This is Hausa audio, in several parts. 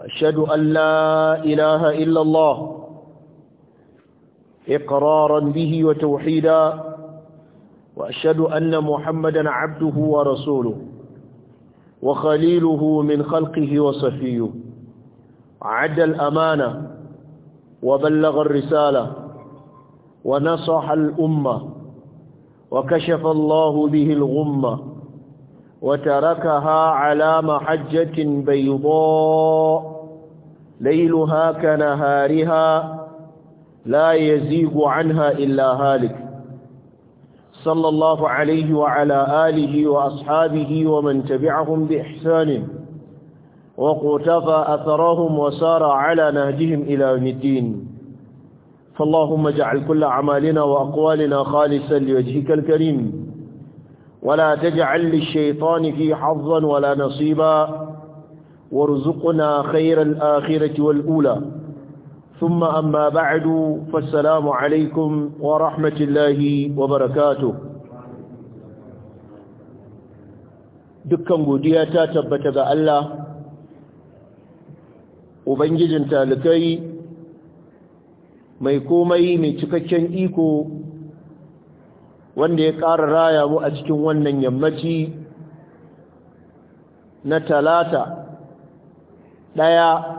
وأشهد أن لا إله إلا الله إقرارا به وتوحيدا وأشهد أن محمدا عبده ورسوله وخليله من خلقه وصفيه عد الأمانة وبلغ الرسالة ونصح الأمة وكشف الله به الغمة وتركها على محجة بيضاء ليلها كنهارها لا يزيغ عنها إلا هالك صلى الله عليه وعلى آله وأصحابه ومن تبعهم بإحسان وقتفى أثرهم وسار على نهجهم إلى الدين فاللهم اجعل كل أعمالنا وأقوالنا خالصا لوجهك الكريم ولا تجعل للشيطان في حظا ولا نصيبا وارزقنا خير الآخرة والأولى ثم أما بعد فالسلام عليكم ورحمة الله وبركاته dukkan godiya ta tabbata ga Allah ubangijin talikai mai komai mai cikakken iko wanda ya ƙara raya mu a cikin wannan yammaci na talata ɗaya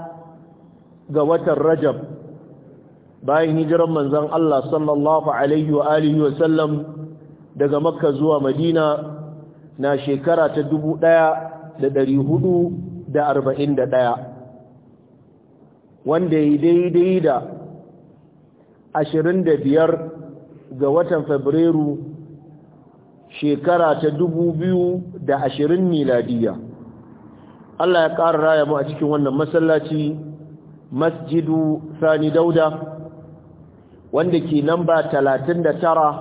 ga watan rajab bayan hijiran manzan Allah sallallahu alaihi wa alihi wa sallam daga makka zuwa madina na shekara ta dubu ɗaya da ɗari hudu da arba'in da ɗaya wanda ya daidai da ashirin da biyar ga watan fabrairu shekara ta dubu biyu da ashirin miladiya Allah ya ƙara raya mu a cikin wannan masallaci masjidu sani dauda wanda ke namba 39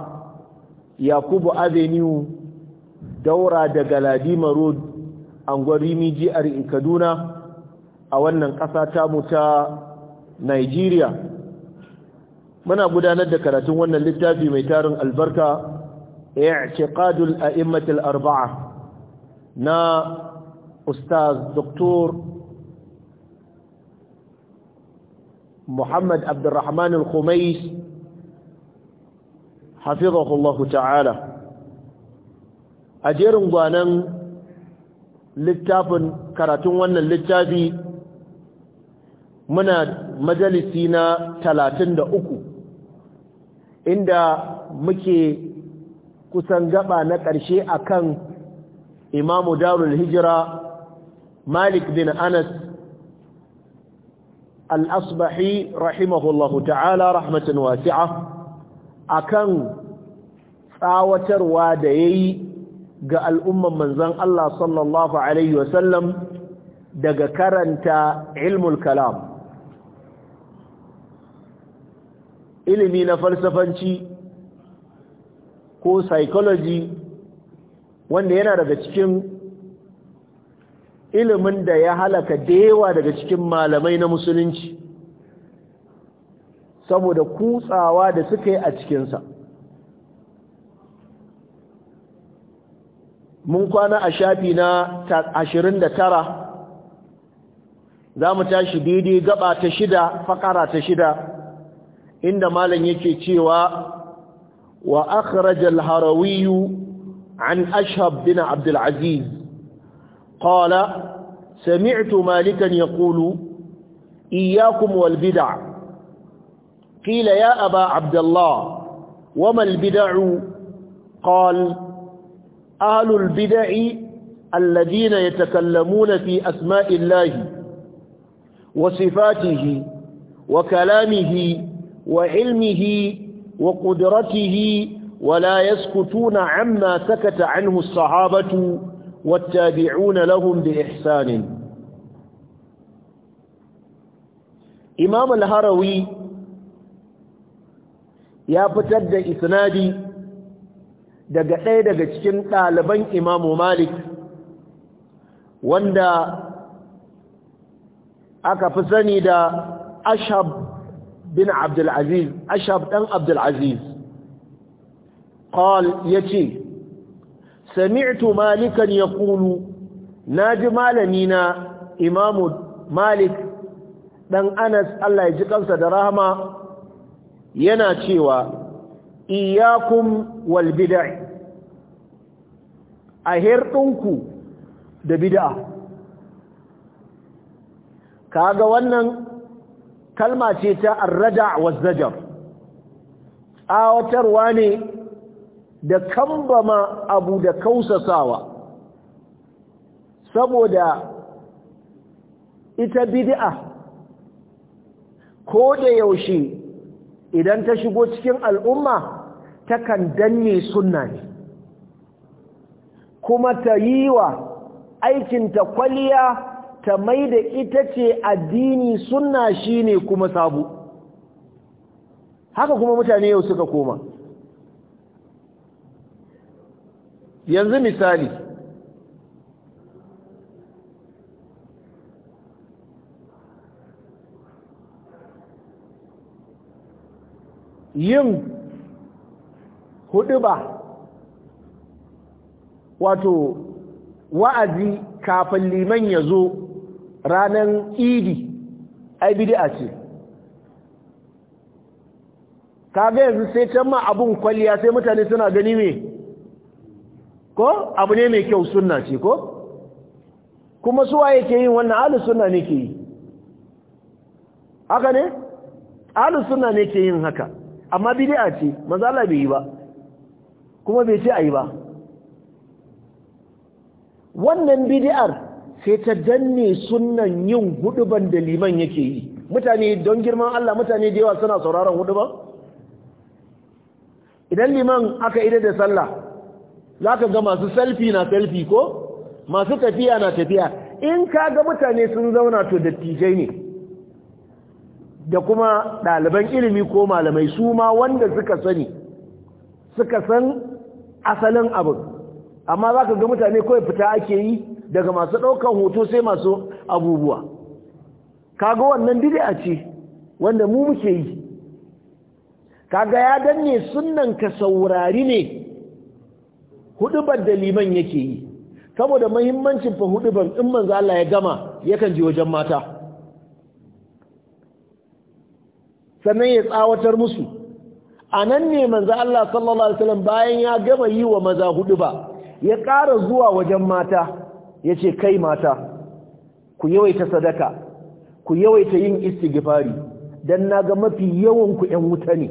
yakubu avenue daura daga ladima road angwarimi jihar kaduna a wannan ƙasa tamu ta nigeria muna gudanar da karatun wannan littafi mai tarin albarka ƙadul a'immatul arba'a na استاذ دكتور محمد عبد الرحمن الخميس حفظه الله تعالى اجيرن غانن لتابن كراتون wannan littafi muna majalisi na uku, inda muke kusan gaba na ƙarshe akan imamu darul hijira malik bin anas al-asbahi rahimahullahu ta'ala rahmatan wasi'a akan tsawatarwa da yayi ga al'umman manzon Allah sallallahu alaihi wasallam daga karanta ilmul kalam ilimi na falsafanci ko psychology wanda yana daga cikin ilimin da ya halaka da yawa daga cikin malamai na musulunci saboda kutsawa da suka yi a cikinsa mun kwana a shafi na 29 za mu tashi daidai gaba ta shida fakara ta shida inda malam yake cewa wa akhrajal harawiyu an ashab bin abdul aziz قال سمعت مالكا يقول إياكم والبدع قيل يا أبا عبد الله وما البدع قال أهل البدع الذين يتكلمون في أسماء الله وصفاته وكلامه وعلمه وقدرته ولا يسكتون عما سكت عنه الصحابة والتابعون لهم بإحسان إمام الهروي يا فتد إسنادي daga ɗaya daga cikin ɗaliban imamu malik wanda aka fi sani da ashab bin abdulaziz ashab ɗan abdulaziz ƙal ya ce sami'tu malikan yaqulu naji malami na imamu malik dan anas Allah ya ji kansa da rahama yana cewa iyyakum wal bid'i ahirtunku da bid'a kaga wannan kalma ce ta arraja wa zajar awatarwa ne da kambama abu da kausasawa saboda ita bid'a ko da yaushe idan ta shigo cikin al'umma takan danne sunna ne kuma ta yi wa aikinta kwaliya ta mai da ita ce addini sunna shine kuma sabu haka kuma mutane yau suka koma yanzu misali yin hudu ba wato wa'azi kafin liman ya zo ranar idi ai a ce kaga yanzu sai can ma abun kwalliya sai mutane suna gani mai. ko abu ne mai kyau sunna ce ko kuma suwa yake yin wannan ahlus sunna ne ke yi haka ne ahlus sunna ne ke yin haka amma bid'a ce manzo Allah bai yi ba kuma bai ce ayi ba wannan bid'ar sai ta danne sunnan yin huduban da liman yake yi mutane don girman Allah mutane da yawa suna sauraron huduban idan liman aka ida da sallah za ka ga masu salfi na selfie ko masu tafiya na tafiya in ka ga mutane sun zauna to dattijai ne da kuma ɗaliban ilimi ko malamai su ma wanda suka sani suka san asalin abin amma za ka ga mutane kawai fita ake yi daga masu ɗaukan hoto sai masu abubuwa kaga wannan a ce wanda mu muke yi kaga ya danne sunan ka saurari ne hudubar da liman yake yi saboda mahimmancin fa hudubar in manzo Allah ya gama yakan ji wajen mata sannan ya tsawatar musu anan ne manzo Allah sallallahu alaihi wasallam bayan ya gama yi wa maza huduba ya ƙara zuwa wajen mata yace kai mata ku yawaita sadaka ku yawaita yin istighfari dan naga mafi yawan ku ƴan wuta ne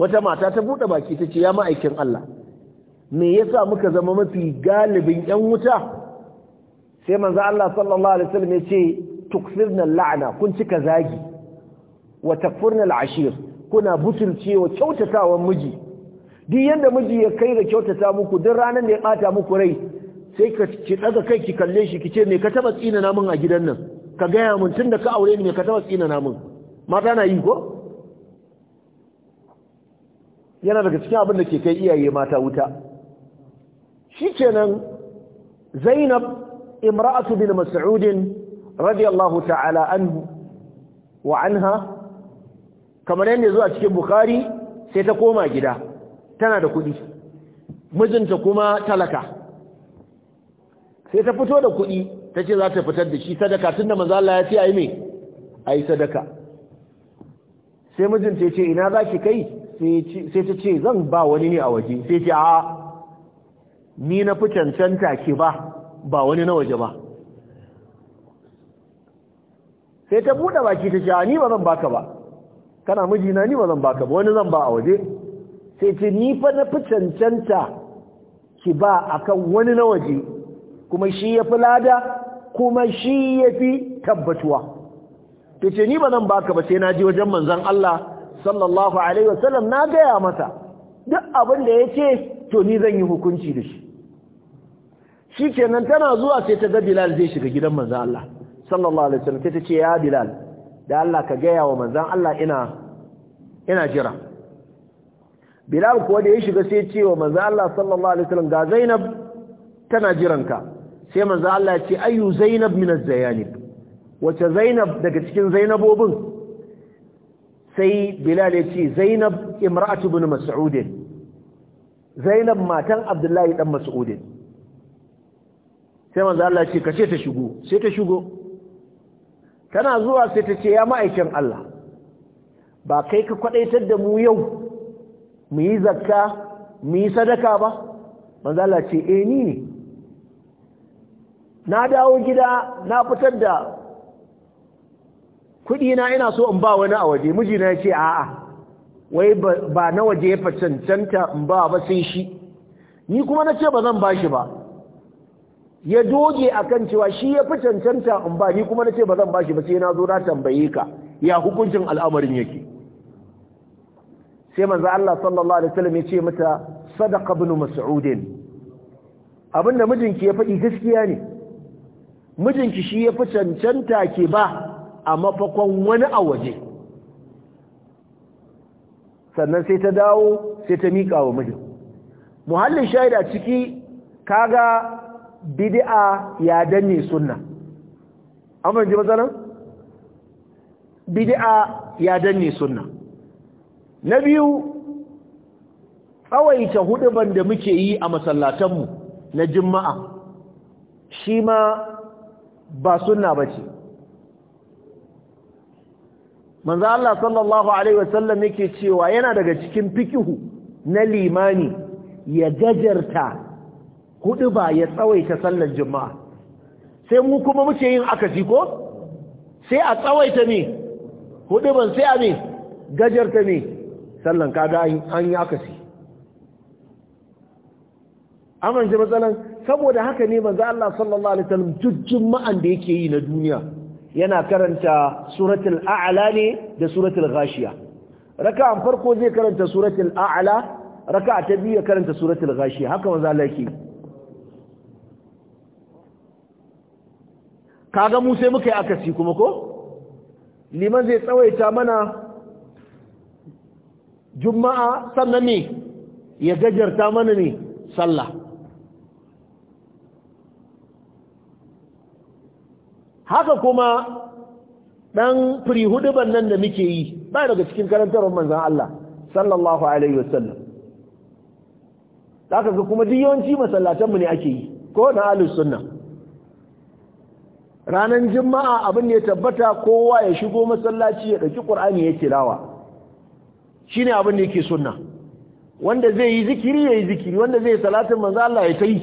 wata mata ta buɗe baki ta ce ya ma'aikin Allah me yasa muka zama mafi galibin yan wuta sai manzo Allah sallallahu alaihi wasallam ya ce tuksirna la'ana kun cika zagi wa takfurna al'ashir kuna wa kyautatawan miji duk yanda miji ya kai da kyautata muku duk ranar da ya bata muku rai sai ka ki daga kai ki kalle shi ki ce me ka taba tsina namun a gidan nan ka gaya mun tunda ka aure ni me ka taba tsina namun mata na yi ko yana daga cikin abin da ke kai iyaye mata wuta Shi kenan Zainab imra'atu bin Masudin radiyallahu ta'ala anhu wa anha kamar yadda zuwa cikin Bukhari sai ta koma gida tana da kuɗi mijinta kuma talaka sai ta fito da kuɗi ta ce za ta fitar da shi sadaka tunda manzo Allah ya ce ayi me ayi sadaka sai mijinta ya ce ina zaki kai sai ta ce zan ba wani ne a waje sai ce a ni na fi cancanta ke ba ba wani na waje ba sai ta buɗe baki ta ce a ni ba zan baka ba kana mijina ni ba zan baka ba wani zan ba a waje sai ce ni fa na fi cancanta ki ba a kan wani na waje kuma shi ya fi lada kuma shi ya fi tabbatuwa ta ce ni ba zan baka ba sai na ji wajen manzan Allah sallallahu alaihi wasallam na gaya mata duk abin da ya ce to ni zan yi hukunci da shi shi tana zuwa sai ta ga bilal zai shiga gidan manzan Allah sallallahu alaihi wasallam ta ce ya bilal da Allah ka gaya wa manzan Allah ina ina jira bilal kuwa da ya shiga sai ce wa manzan Allah sallallahu alaihi wasallam ga zainab tana jiranka sai manzan Allah ya ce ayu zainab min az-zayanib wace zainab daga cikin zainabobin sai bilal ya ce zainab imra'atu bin mas'udin zainab matan abdullahi dan mas'udin sai manzo Allah ya ce kace ta shigo sai ta shigo tana zuwa sai ta ce ya ma'aikin Allah ba kai ka kwadaitar da mu yau mu yi zakka mu yi sadaka ba manzo Allah ce eh ni ne na dawo gida na fitar da kuɗi na ina so in ba wani a waje mijina ya ce a'a wai ba na waje ya cancanta in ba ba sai shi ni kuma na ce ba zan ba shi ba ya doge akan cewa shi ya fi cancanta in ba ni kuma na ce ba zan ba shi ba sai na zo na tambaye ka ya hukuncin al'amarin yake sai manzo Allah sallallahu alaihi wasallam ya ce mata sadaqa ibn mas'ud abinda mijinki ya faɗi gaskiya ne mijinki shi ya fi cancanta ke ba a mafakon wani a waje sannan sai ta dawo sai ta miƙa wa mijin muhallin shaida ciki kaga bid'a ya danne sunna amma ji matsalan bid'a ya danne sunna na biyu tsawaita huduban da muke yi a masallatanmu na juma'a shi ma ba sunna bace manzo Allah sallallahu alaihi wasallam yake cewa yana daga cikin fikihu na limani ya gajarta hudu ba ya tsawaita sallar juma'a sai mu kuma muke yin akasi ko sai a tsawaita ne hudu ban sai a ne gajarta ne sallan kaga an yi akasi amince matsalan saboda haka ne manzo Allah sallallahu alaihi wasallam jujjun ma'an da yake yi na duniya yana karanta suratul a'la ne da suratul ghashiya raka'a farko zai karanta suratul a'la raka'a ta biyu karanta suratul ghashiya haka manzo Allah yake kaga mu sai muka yi akasi kuma ko liman zai tsawaita mana juma'a sannan ne ya gajarta mana ne sallah haka kuma dan huduban nan da muke yi ba daga cikin karantarwar manzan Allah sallallahu alaihi wasallam haka kuma duk yawanci mu ne ake yi ko na ahlus sunna Ranan juma'a abin da ya tabbata kowa ya shigo masallaci ya ɗauki ƙur'ani ya tilawa shi ne abin da yake sunna wanda zai yi zikiri yayi zikiri wanda zai salatin manzo Allah ya tayi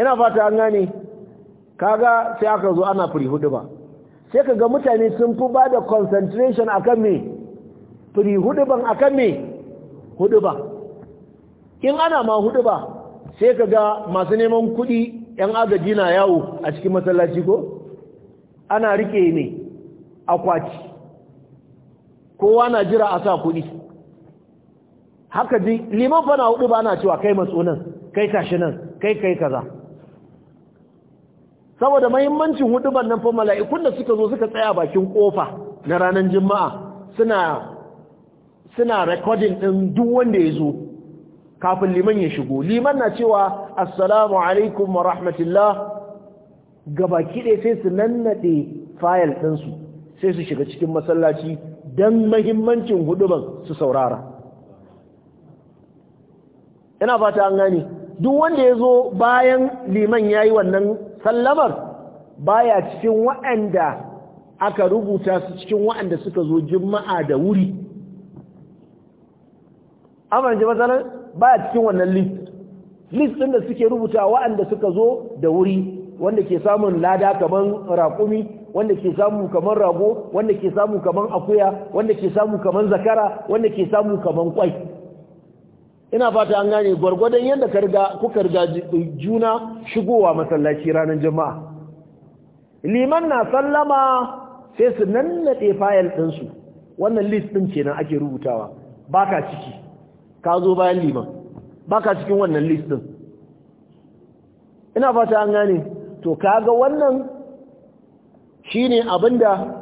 ina fata an gane kaga sai aka zo ana firi ba sai kaga mutane sun fi ba da concentration akan me firi ban akan me hudu ba in ana ma hudu ba sai kaga masu neman kudi yan agaji na yawo a cikin masallaci ko ana rike ne akwati kowa na jira a sa kudi haka ji liman fana hudu ba ana cewa kai matsunan kai kashinan nan kai kai kaza saboda mahimmancin hudubar nan fa mala'ikun da suka zo suka tsaya bakin kofa na ranar juma'a suna suna recording din duk wanda ya zo kafin liman ya shigo liman na cewa assalamu alaikum wa rahmatullah baki ɗaya sai su nannade fayil ɗinsu sai su shiga cikin masallaci don mahimmancin huduban su saurara ina fata an gani. duk wanda ya zo bayan liman ya yi wannan sallamar baya cikin waɗanda aka rubuta su cikin waɗanda suka zo juma'a da wuri amma ji matsalar baya cikin wannan list list ɗin da suke rubuta waɗanda suka zo da wuri wanda ke samun lada kaman raƙumi wanda ke samu kaman rago wanda ke samu kaman akuya wanda ke samu kaman zakara wanda ke samu kaman kwai ina fata an gane gwargwadon yadda ka kuka riga juna shigowa masallaci ranar jama'a liman na sallama sai su na fayil ɗinsu wannan list ɗin kenan ake rubutawa Ba ka ciki ka zo bayan liman Ba ka cikin wannan list ɗin ina fata an gane to kaga wannan shi shine abinda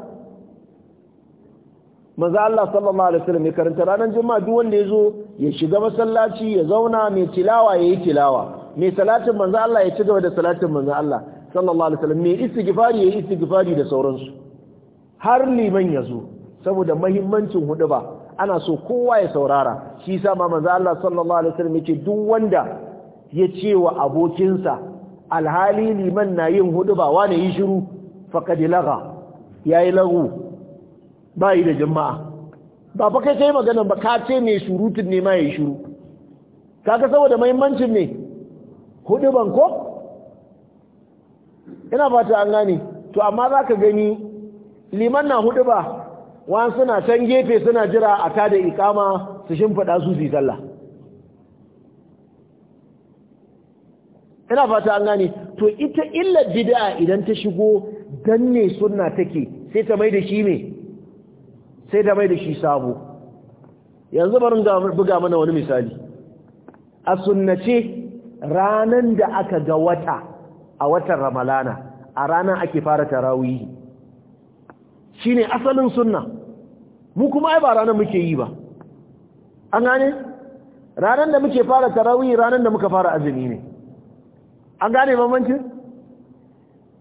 manzo Allah sallallahu alaihi wasallam ya karanta ranar juma'a duk wanda yazo ya shiga masallaci ya zauna mai tilawa yayi tilawa mai salatin manzo Allah ya ci gaba da salatin manzo Allah sallallahu alaihi wasallam mai istighfari yayi istighfari da sauransu har liman yazo saboda muhimmancin huduba ana so kowa ya saurara shi yasa ma manzo Allah sallallahu alaihi wasallam yake duk wanda ya ce wa abokinsa alhali liman na yin huduba wani yi shiru faqad laga yayi lagu ba yi da jama'a ba fa kai sai magana ba ka ce mai surutun ne ma ya shuru shiru ka saboda mahimmancin ne hudu ban ko ina fata an gane to amma za ka gani liman na hudu ba wa suna can gefe suna jira a tada ikama su shimfida su su sallah ina fata an gane to ita illa bid'a idan ta shigo danne sunna take sai ta mai da shi mai sai da mai da shi sabo yanzu barin buga mana wani misali a sunnace ranan da aka ga wata a watan ramalana a ranar ake fara tarawihi shine asalin sunna mu kuma ai ba ranar muke yi ba an gane ranar da muke fara tarawihi ranar da muka fara azumi ne an gane bambancin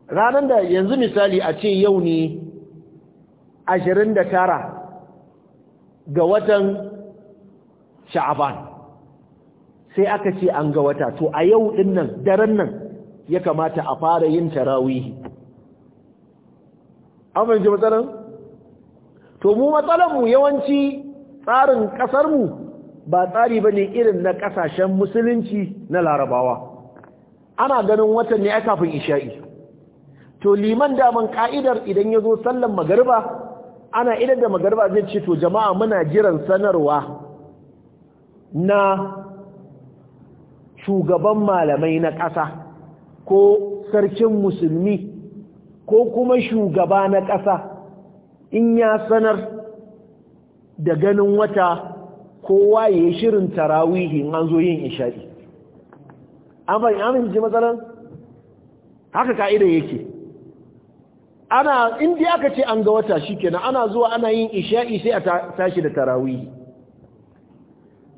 ranar da yanzu misali a ce yau ne 29 ga watan sha'aban sai aka ce an ga wata to a yau din nan daren nan ya kamata a fara yin tarawihi an ji matsalan to mu matsalan mu yawanci tsarin kasar mu ba tsari bane irin na kasashen musulunci na larabawa ana ganin watan ne kafin isha'i to liman daman ka'idar idan ya zo sallan magariba ana idan da magarba zai ce to jama'a muna jiran sanarwa na shugaban malamai na ƙasa ko sarkin musulmi ko kuma shugaba na ƙasa in ya sanar da ganin wata kowa ya yi shirin tarawihi an zo yin isha'i amfani amince matsalan haka ka'ida yake ana indiya aka ce an ga wata shikenan ana zuwa ana yin isha'i sai a tashi da tarawih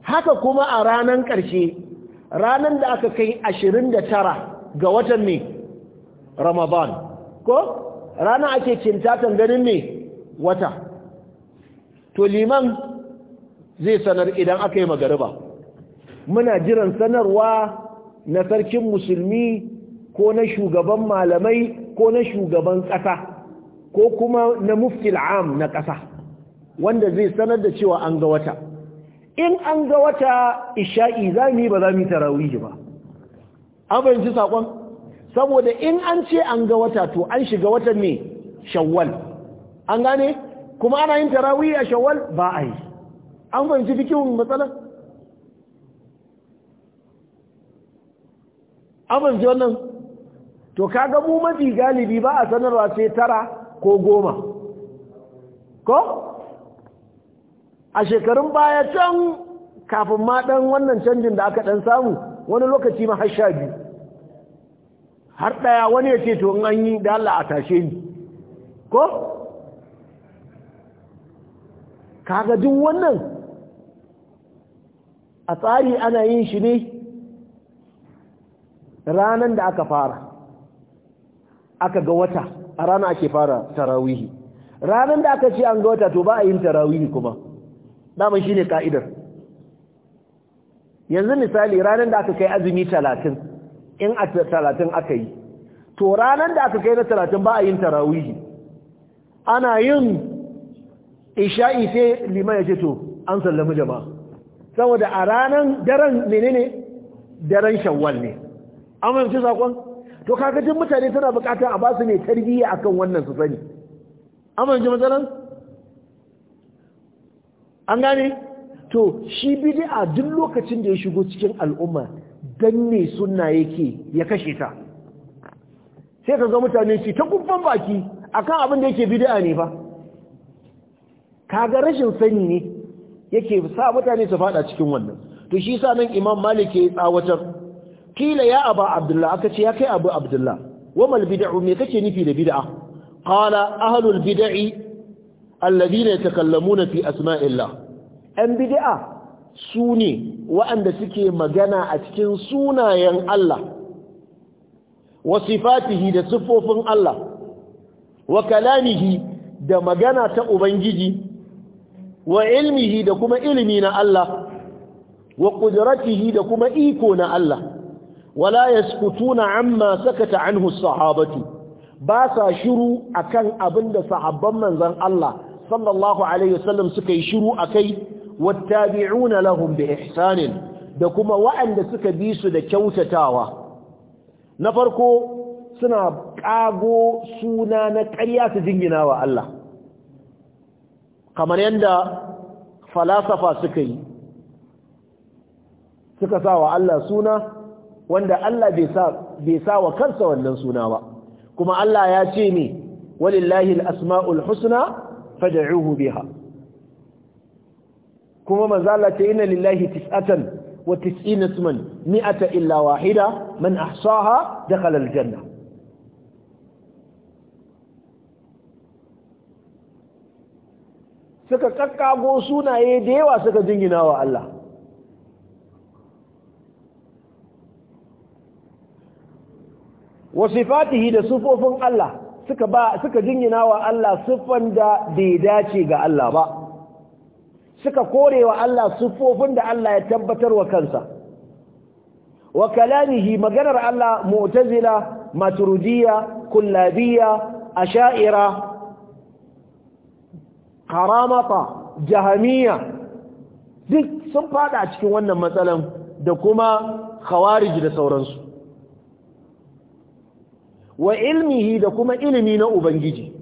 haka kuma a ranan karshe ranan da aka kai 29 ga watan ne Ramadan ko rana ake cintatan ganin ne wata to liman zai sanar idan aka yi magariba muna jiran sanarwa na sarkin musulmi ko na shugaban malamai ko na shugaban ƙasa ko kuma na muftil am na ƙasa wanda zai sanar da cewa an ga wata in an ga wata isha'i za mu yi ba za mu yi tarawih ba an fahimci saƙon saboda in an ce an ga wata to an shiga watan ne shawwal an gane kuma ana yin tarawih a shawwal ba a yi an fahimci fikin matsalar an fahimci wannan to kaga mu mafi galibi ba a sanarwa sai tara ko goma ko a shekarun baya can kafin ma dan wannan canjin da aka dan samu wani lokaci ma har sha biyu har daya wani ya ce to in an yi da Allah a tashe ni ko kaga duk wannan a tsari ana yin shi ne ranan da aka fara aka ga wata a rana ake fara tarawihi ranar da aka ce an ga wata to ba a yin tarawihi kuma shi shine ka'idar yanzu misali ranar da aka kai azumi talatin in a talatin aka yi to ranar da aka kai na talatin ba a yin tarawihi ana yin isha'i sai liman ya ce to an sallami jama'a saboda a ranar daren menene daren shawwal ne An amince sakon to kaga duk mutane tana bukatar a basu ne tarbiyya akan wannan su sani amince matsalan an gane to shi bid'a duk lokacin da ya shigo cikin al'umma danne sunna yake ya kashe ta sai ka ga mutane su ta kubban baki akan abin da yake bid'a ne fa kaga rashin sani ne yake sa mutane su fada cikin wannan to shi sa nan imam malik ya tsawatar kila ya abu abdullah aka ce ya kai abu abdullah Wamal bid'u me kake nufi da bid'a qala ahlul bid'i alladhina yatakallamuna fi asma'illah an bid'a su ne waɗanda suke magana a cikin sunayen Allah wa sifatihi da siffofin Allah wa kalamihi da magana ta Ubangiji wa ilmihi da kuma ilimi na Allah wa ƙudratihi da kuma iko na Allah wala yaskutuna amma sakata anhu sahabatu basa shiru akan abinda sahabban manzon Allah sallallahu suka yi shiru akai wattabi'una lahum bi ihsanin da kuma waɗanda suka bi su da kyautatawa na farko suna kago suna na karya su jingina wa Allah kamar yadda falasafa suka yi suka sa wa Allah suna wanda Allah bai sa wa kansa wannan suna ba kuma Allah ya ce ne walillahi al-asma'ul husna fad'uhu biha kuma manzala ta inna lillahi tis'atan wa tis'ina isman illa wahida man ahsaha da halal janna suka kakkago sunaye da yawa suka jingina wa Allah wa sifatihi da sufofin Allah suka ba suka wa Allah sufan da bai dace ga Allah ba suka kore wa Allah sufofin da Allah ya tabbatar wa kansa wa kalamihi maganar Allah mu'tazila maturidiyya Kullabiya, asha'ira karamata jahamiya duk sun fada cikin wannan matsalan da kuma khawarij da sauransu wa ilmihi da kuma ilimi na ubangiji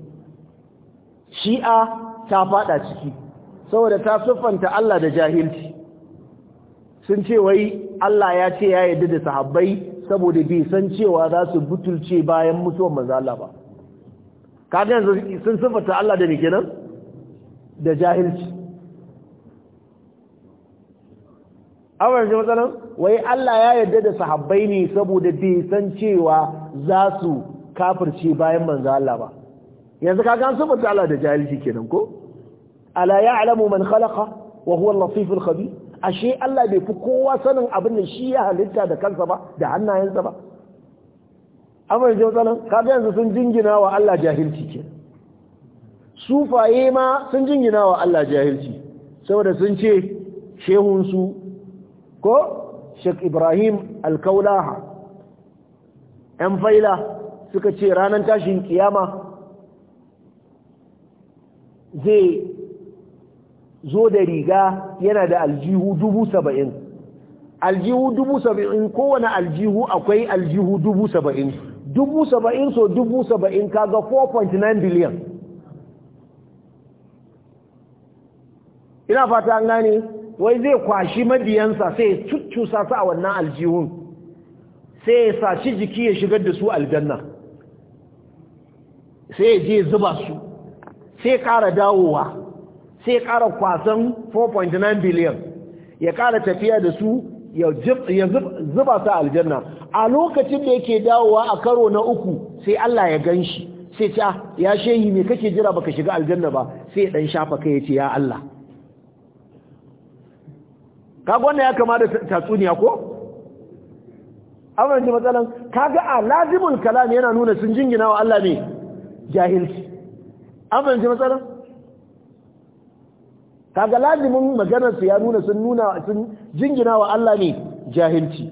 shi'a ta fada ciki saboda ta siffanta Allah da jahilci sun ce wai Allah ya ce ya yarda da sahabbai saboda bai san cewa za su butulce bayan mutuwar manzo Allah ba kaga sun siffanta Allah da ne kenan da jahilci amurci matsalan wai Allah ya yarda da sahabbai ne saboda bai san cewa za su kafirce bayan manzo Allah ba yanzu kaga an sabata Allah da jahilci kenan ko ala ya'lamu man khalaqa wa huwa al-latif al-khabir ashe Allah bai fi kowa sanin abin da shi ya halitta da kansa ba da hannayensa ba amurci matsalan ga yanzu sun jingina wa Allah jahilci kenan sufaye ma sun jingina wa Allah jahilci saboda sun ce shehunsu ko Sheikh Ibrahim al yan ɗan faila suka ce ranar tashin kiyama zai zo da riga yana da aljihu dubu saba'in aljihu dubu saba'in kowane aljihu akwai aljihu dubu saba'in dubu saba'in so dubu saba'in kaga 4.9 biliyan ina fata an gane wai zai kwashi mabiyansa sai ya su a wannan aljihun sai ya saci jiki ya shigar da su aljanna sai ya je zuba su sai ƙara dawowa sai ya kwasan 4.9 biliyan ya ƙara tafiya da su ya zuba su aljanna a lokacin da yake dawowa a karo na uku sai Allah ya gan shi sai ta ah, ya shehi me kake jira baka shiga aljanna ba sai ya ɗan shafa kai ya ce ya Allah kaga wannan ya kama da tatsuniya ko amma ji matsalan kaga a lazimul kalam yana nuna sun jingina wa Allah ne jahilci amma ji matsalan kaga lazimin maganar su ya nuna sun nuna sun jingina wa Allah ne jahilci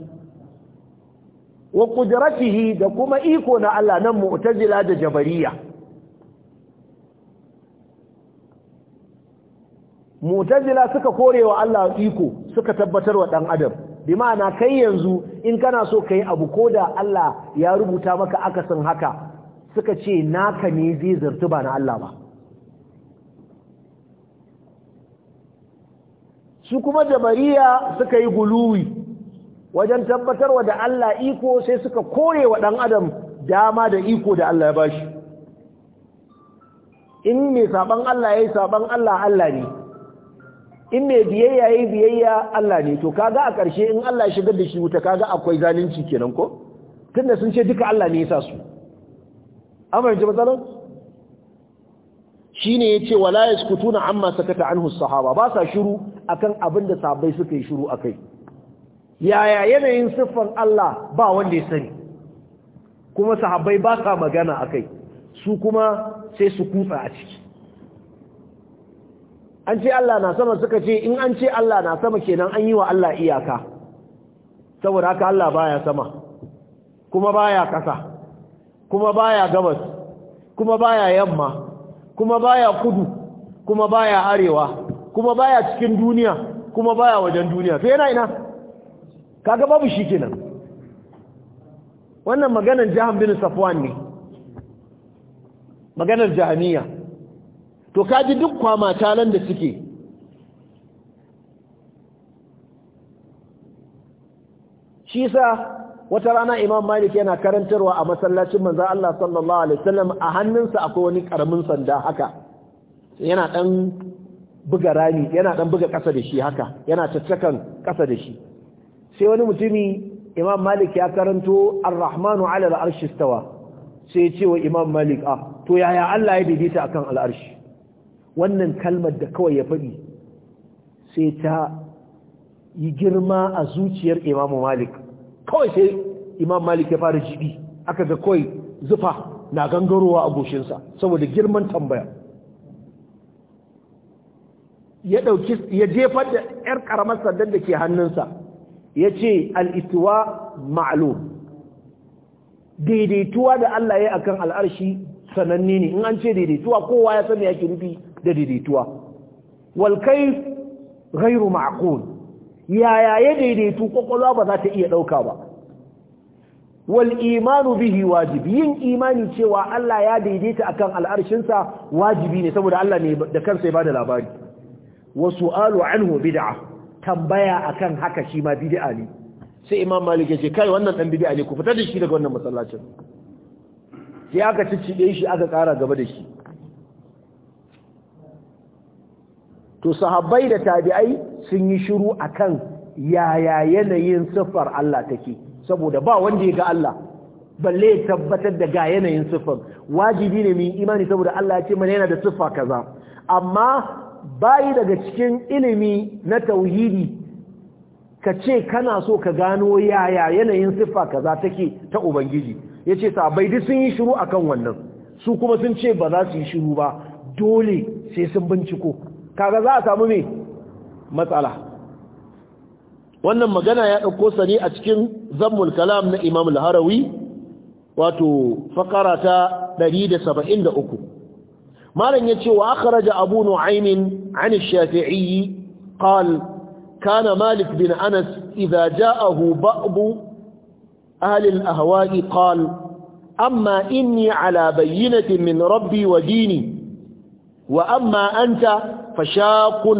wa qudratihi da kuma iko na Allah nan mu'tazila da jabariya mutajila suka korewa wa Allah iko suka tabbatar wa ɗan adam bi ma'ana kai yanzu in kana so ka yi abu ko da Allah ya rubuta maka akasin haka suka ce naka ne zai zartu ba na Allah ba su kuma jabariya suka yi guluwi wajen tabbatarwa da Allah iko sai suka korewa wa ɗan adam dama da iko da Allah ya bashi in mai saban Allah yayi yi saban Allah Allah ne in mai biyayya yi biyayya Allah ne to kaga a ƙarshe in Allah shigar da shi wuta kaga akwai zalunci kenan ko tunda sun ce duka Allah ne yasa su amma yanzu matsalar shine yace wala yaskutuna amma sakata anhu sahaba ba sa shiru akan abin da sabai suka yi shiru akai yaya yanayin siffan Allah ba wanda ya sani kuma sahabbai ba sa magana akai su kuma sai su kutsa a ciki an ce Allah na sama suka ce in an ce Allah na sama kenan an yi wa Allah iyaka saboda haka Allah baya sama kuma baya kasa kuma baya gabas kuma baya yamma kuma baya kudu kuma baya arewa kuma baya cikin duniya kuma baya wajen duniya to yana ina kaga babu shi kenan wannan maganar jahan bin safwan ne maganar jahaniya to ji duk kwama talan da suke shi sa wata rana imam malik yana karantarwa a masallacin manza Allah sallallahu alaihi wasallam a hannunsa akwai wani karamin sanda haka yana dan buga rami yana dan buga kasa da shi haka yana tattakan kasa da shi sai wani mutumi imam malik ya karanto ar-rahmanu ala al-arshi sai ya ce wa imam malik ah to yaya Allah ya daidaita akan al wannan kalmar da kawai ya faɗi sai ta yi girma a zuciyar imamu malik kawai sai imam malik ya fara jibi aka ga kawai zufa na gangarowa a goshinsa saboda girman tambaya ya ɗauki ya jefar da 'yar ƙaramar sandan da ke hannunsa ya ce al'ituwa ma'alum daidaituwa da Allah ya akan al'arshi sananne ne in an ce daidaituwa kowa ya sani ke nufi da daidaituwa wal kayf ghairu ma'qul yaya ya daidaitu kwakwalwa ba za ta iya dauka ba wal imanu bihi wajib. yin imani cewa Allah ya daidaita akan al'arshinsa wajibi ne saboda Allah ne da kansa ya bada labari wa su'alu anhu bid'ah tambaya akan haka shi ma bid'a ne sai imam malik yace kai wannan dan bid'a ne ku fita da shi daga wannan masallacin sai aka cicciɗe shi aka kara gaba da shi to sahabbai da tabi'ai sun yi shiru akan yaya yanayin siffar Allah take saboda ba wanda ya ga Allah balle ya tabbatar da ga yanayin siffar wajibi ne mai imani saboda Allah ya ce mana yana da siffa kaza amma bai daga cikin ilimi na tauhidi ka ce kana so ka gano yaya yanayin siffa kaza take ta ubangiji yace sahabbai duk sun yi shiru akan wannan su kuma sun ce ba za su yi shiru ba dole sai sun binciko kaga za a samu ne matsala wannan magana ya ɗauko sa ne a cikin zammul kalam na imam al-harawi wato fakara ta 173 malam ya ce wa akhraja abu nu'aymin an shafi'i qal kana malik bin anas idza ja'ahu ba'd ahli al-ahwa'i qal amma inni ala bayyinatin min rabbi wa dini وأما أنت فشاق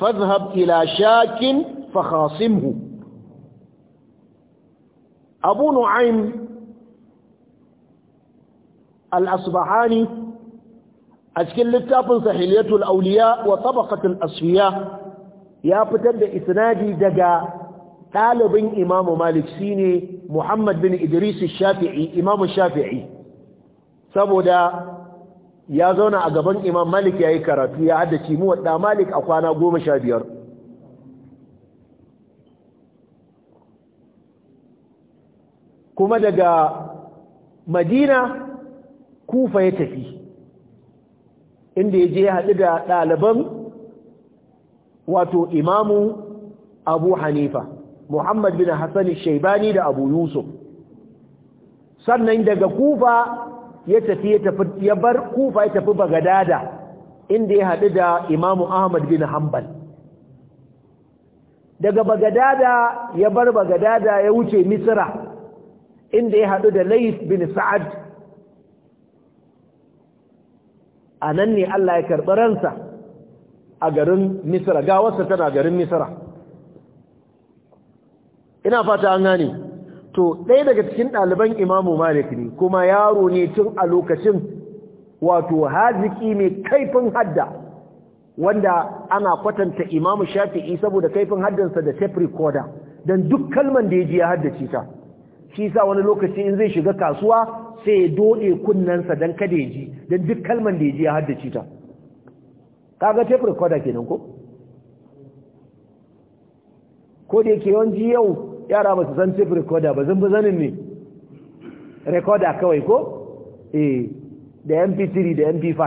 فاذهب إلى شاك فخاصمه أبو نعيم الأصبحاني أشكل لتاب صحيلية الأولياء وطبقة الأصفياء يا فتد إسنادي دقاء ɗalibin إمام مالك سيني محمد بن إدريس الشافعي إمام الشافعي saboda ya zauna a gaban imam malik ya yi karatu ya haddace mu wadda malik a kwana goma sha biyar kuma daga madina kufa ya tafi inda ya je ya haɗu da ɗaliban wato imamu abu hanifa muhammad bin hassan shaibani da abu yusuf sannan daga kufa ya tafi ya tafi ya bar kufa ya tafi bagadada inda ya haɗu da imamu ahmad bin hanbal daga bagadada ya bar bagadada ya wuce Misira, inda ya haɗu da laif bin sa'ad anan ne allah ya karɓi ransa a garin misra gawarsa tana garin Misira. ina fata an gane to ɗaya daga cikin ɗaliban imamu malik ne kuma yaro ne tun a lokacin wato haziki mai kaifin hadda wanda ana kwatanta imamu shafi'i saboda kaifin haddansa da tape recorder don duk kalman da ya ji ya haddace ta shi sa wani lokaci in zai shiga kasuwa sai ya doɗe kunnensa don kada ya ji don duk kalman da ya ji ya haddace ta kaga tape recorder kenan ko ko da yake yawanci yau yara ba su san tape recorder ba zan bi zanin ne recorder kawai ko eh da mp3 da mp5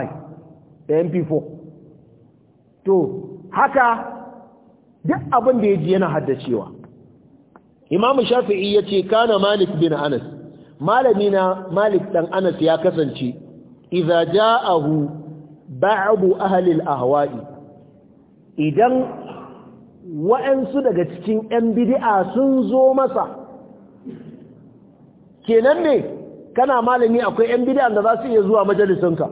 da mp4 to haka duk abin da ya ji yana haddacewa imamu shafi'i ya ce kana malik bin anas malami na malik dan anas ya kasance idza ja'ahu ba'du ahli al-ahwa'i idan wa'ansu daga cikin 'yan bidi'a sun zo masa kenan ne kana malami akwai 'yan bidi'a da za su iya zuwa majalisunka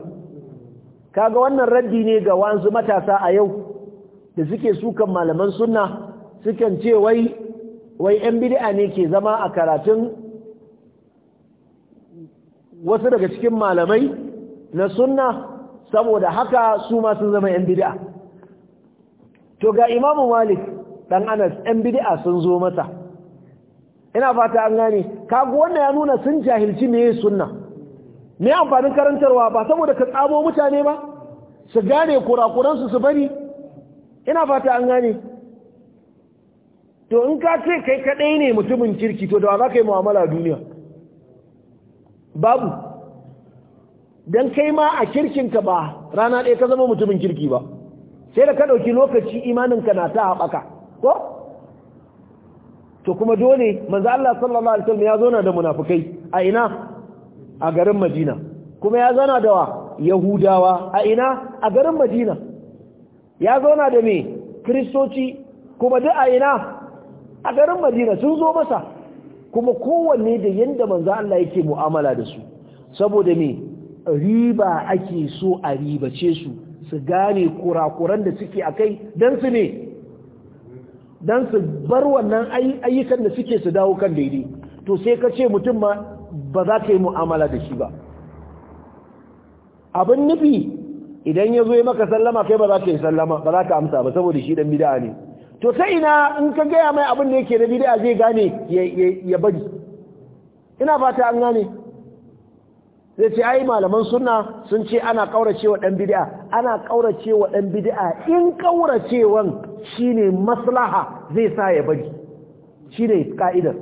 kaga wannan raddi ne ga wa'ansu matasa a yau da suke sukan malaman suna sukan ce wai wai 'yan bidi'a ne ke zama a karatun wasu daga cikin malamai na suna saboda haka su ma zama 'yan bidi'a to ga imamu malik dan anas ɗan bid'a sun zo mata, ina fata an gane kago wannan ya nuna sun jahilci me sunna me amfanin karantarwa ba saboda ka tsamo mutane ba su gane kurakuran su su bari ina fata an gane to in ka ce kai kadai ne mutumin kirki to da za ka yi mu'amala duniya babu dan kai ma a kirkinka ba rana ɗaya ka zama mutumin kirki ba sai da ka ɗauki lokaci imaninka na ta haɓaka ko to kuma dole manzo Allah sallallahu alaihi wasallam ya zauna da munafikai a ina a garin Madina kuma ya zauna da wa Yahudawa a ina a garin Madina ya zauna da me Kristoci kuma duk a ina a garin Madina sun zo masa kuma kowanne da yanda manzo Allah yake mu'amala da su saboda me riba ake so a ribace su su gane kurakuran da suke a kai don su ne don su bar wannan ayyukan da suke su dawo kan daidai to sai ka ce mutum ma ba za ka yi mu'amala da shi ba abin nufi idan ya zo ya maka sallama kai ba za ka yi sallama ba za ka amsa ba saboda shi dan bid'a ne to sai ina in ka gaya mai abin da yake da bid'a zai gane ya bari ina fata an gane zai ce ai malaman sunna sun ce ana kauracewa dan bid'a ana kauracewa dan bid'a in kauracewan shine maslaha zai sa ya bari shine ka'idar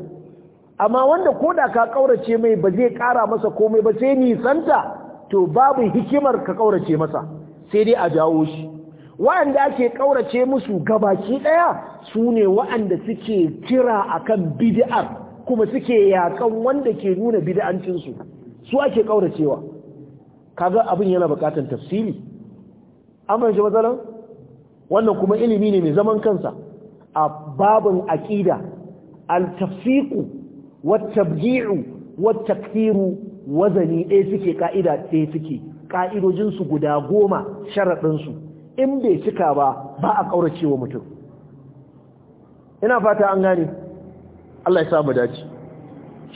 amma wanda koda ka kaurace mai ba zai kara masa komai ba sai nisanta to babu hikimar ka kaurace masa sai dai a jawo shi wa'anda ake kaurace musu gabaki daya sune wa'anda suke kira akan bid'ar kuma suke yakan wanda ke nuna bid'ancin su su ake kauracewa kaga abin yana bukatar tafsiri an shi matsalan wannan kuma ilimi ne mai zaman kansa a babin aqida al-tafsiqu wat wa wat-takfiru wazani ɗaya suke ka'ida ɗaya suke ƙa'idojinsu guda goma sharaɗinsu in bai cika ba ba a ƙauracewa mutum ina fata an gane Allah ya samu dace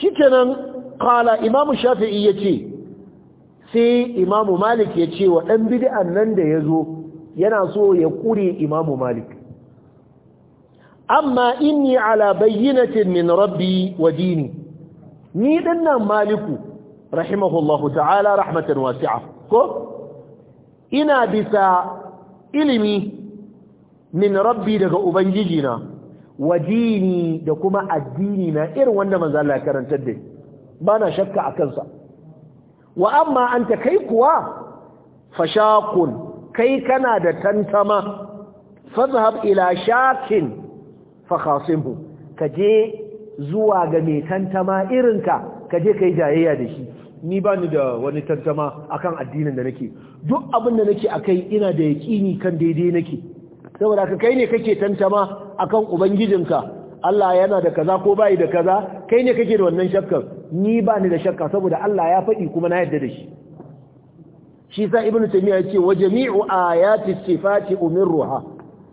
shikenan qala imam shafi'i yace sai imam malik yace wa dan bid'an nan da yazo yana so ya kure imam malik amma inni ala bayyinatin min rabbi wa dini ni nan maliku rahimahullahu ta'ala rahmatan wasi'a ko ina bisa ilimi min rabbi daga ubangijina wa dini da kuma addini na irin wanda manzo Allah ya karantar da Bana shakka a kansa wa amma an ta kai kuwa fashakun kai kana da tantama fazhab ila shakin fakhasimhu kaje zuwa ga mai tantama ka. kaje kai jayayya da shi ni bani da wani tantama akan addinin da nake duk abin da nake akai ina da yaƙini kan daidai nake saboda ka kai ne kake tantama akan ubangijinka Allah yana da kaza ko bai da kaza kai ne kake da wannan shakkar ni ba ni da shakka saboda Allah ya faɗi kuma na yadda da shi shi sa ibnu taymiya yace wa jami'u ayati sifati umirruha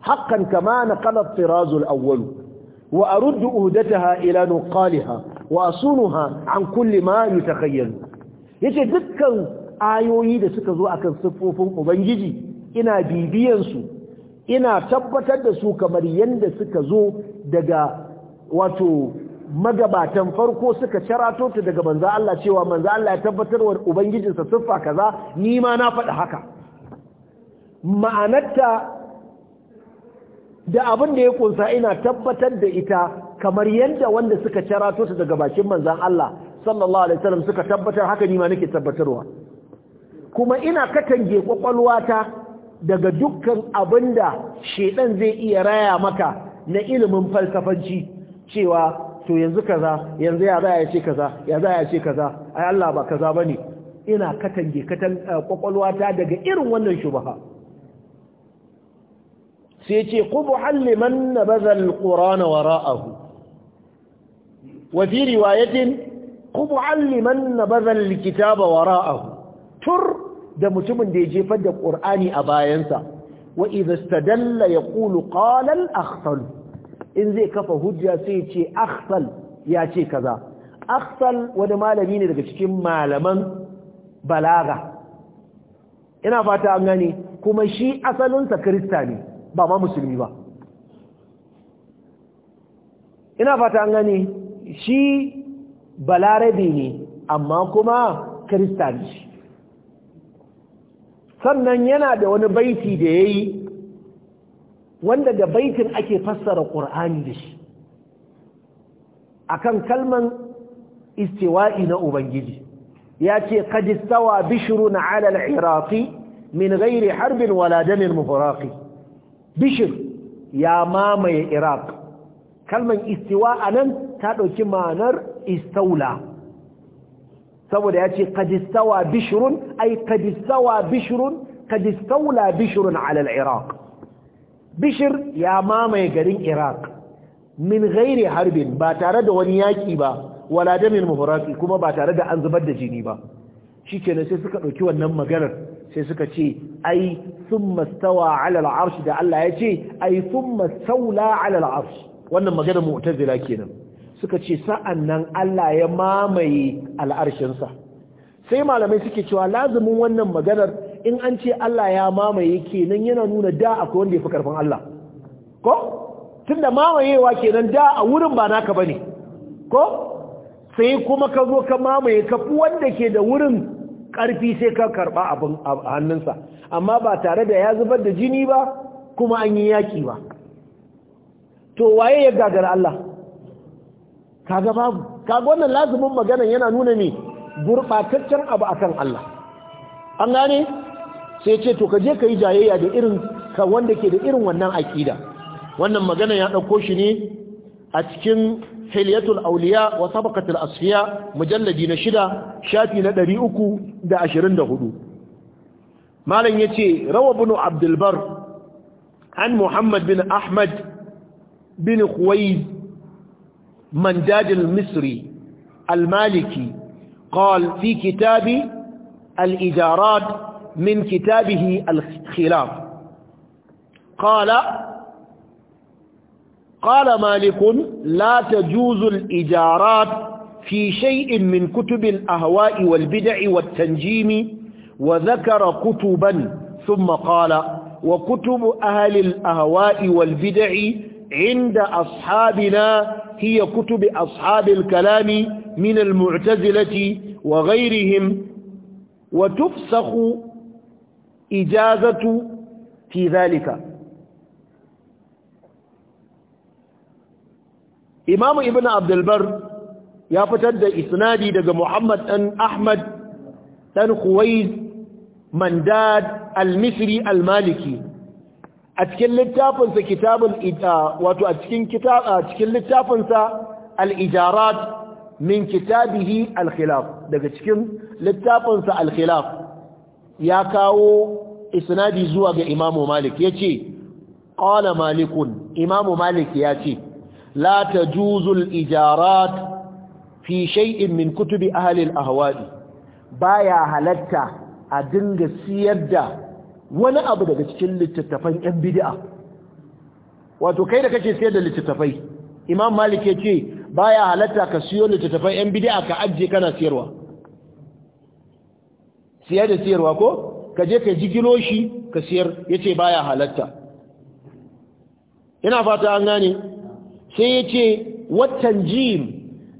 haqqan kama naqala tiraz al-awwal wa aruddu uhdataha ila nuqaliha wa asunuha an kulli ma yutakhayyalu yace dukkan ayoyi da suka zo akan siffofin ubangiji ina bibiyan su ina tabbatar da su kamar yanda suka zo daga wato magabatan farko suka carato ta daga manza Allah cewa manza Allah ya tabbatar wa ubangijinsa siffa kaza ni ma na faɗi haka ma'anarta da abin da ya kunsa ina tabbatar da ita kamar yadda wanda suka carato ta daga bakin manzan Allah sallallahu alaihi wasallam suka tabbatar haka ni ma nake tabbatarwa kuma ina katange kwakwalwata daga dukkan abin da shedan zai iya raya maka na ilimin falsafanci cewa to yanzu kaza yanzu ya za ya ce kaza ya za ya ce kaza ai Allah ba kaza bane ina katange katan kwakwalwata eh, daga irin wannan shubaha sai ce qubuhan liman nabadha alqur'ana wara'ahu wa fi riwayatin qubuhan liman nabadha alkitaba wara'ahu tur da mutumin da ya jefar da qur'ani a bayansa wa idha istadalla yaqulu qala al-akhtal in zai kafa hujja sai ce aksal ya ce kaza akhsal wani malami ne daga cikin malaman balaga ina fata an gane kuma shi asalinsa kirista ne ba ma musulmi ba ina fata an gane shi Balarabi ne amma kuma kirista ne sannan yana da wani baiti da ya yi wanda da baitin ake fassara ƙur'ani da shi akan kalman istiwa'i na ubangiji ya ce kadistawa bishiru na alal iraqi min gairi harbin waladanin mufuraqi bishir ya mamaye iraq kalman istiwa a nan ta ɗauki ma'anar istaula saboda ya ce kadistawa bishirun ai kadistawa bishirun kadistaula bishirun alal iraq bishir ya mamaye garin iraq min ghairi harbin ba tare da wani yaki ba wala damin muhurati kuma ba tare da an zubar da jini ba kenan sai suka ɗauki wannan maganar sai suka ce ai sun mastawa ala arsh da Allah ya ce ai sun staula ala arsh wannan maganar mu'tazila kenan suka ce sa'annan Allah ya mamaye al sa sai malamai suke cewa lazumin wannan maganar in an ce Allah ya mamaye kenan yana nuna da akwai wanda ya fi karfin Allah ko tunda mamayewa kenan da a wurin ba naka bane ko sai kuma ka zo ka mamaye ka fi wanda ke da wurin karfi sai ka karba abin hannunsa amma ba tare da ya zubar da jini ba kuma an yi yaki ba to waye ya gagara Allah kaga babu kaga wannan lazumin magana yana nuna ne gurbataccen abu akan Allah an gane sai ce to ka je ka yi jayayya da irin ka wanda ke da irin wannan aƙida wannan magana ya ɗauko shi ne a cikin Hiliyatul auliya wa sabaqatul asfiya mujalladi na shida shafi na ɗari uku da ashirin da hudu malam ya ce rawa bin abdulbar an muhammad bin ahmad bin kuwai manjajin misri Al-Maliki, قال في كتاب الإدارات من كتابه الخلاف قال قال مالك لا تجوز الإجارات في شيء من كتب الأهواء والبدع والتنجيم وذكر كتبا ثم قال وكتب أهل الأهواء والبدع عند أصحابنا هي كتب أصحاب الكلام من المعتزلة وغيرهم وتفسخ ijazatu fi zalika imam ibn abdulbar ya fitar da isnadi daga muhammad dan ahmad dan khuwaiz mandad al-misri al-maliki a cikin littafinsa kitabul wato a cikin a cikin littafinsa al-ijarat min kitabihi al-khilaf daga cikin littafinsa al-khilaf ya kawo isnadi zuwa ga imamu malik ya ce ƙwala malikun imamu malik ya ce la ta juzul ijarat fi shay'in min kutubi ahalil ahwa'i baya halatta a dinga siyar da wani abu daga cikin littattafan 'yan bid'a wato kai da kake siyar da littattafai imam malik ya ce baya halatta ka siyo littattafan 'yan bid'a ka ajiye kana siyarwa siya da siyarwa ko ka je ka jigilo shi ka siyar yace baya halatta ina fata an gane sai ya ce watan jim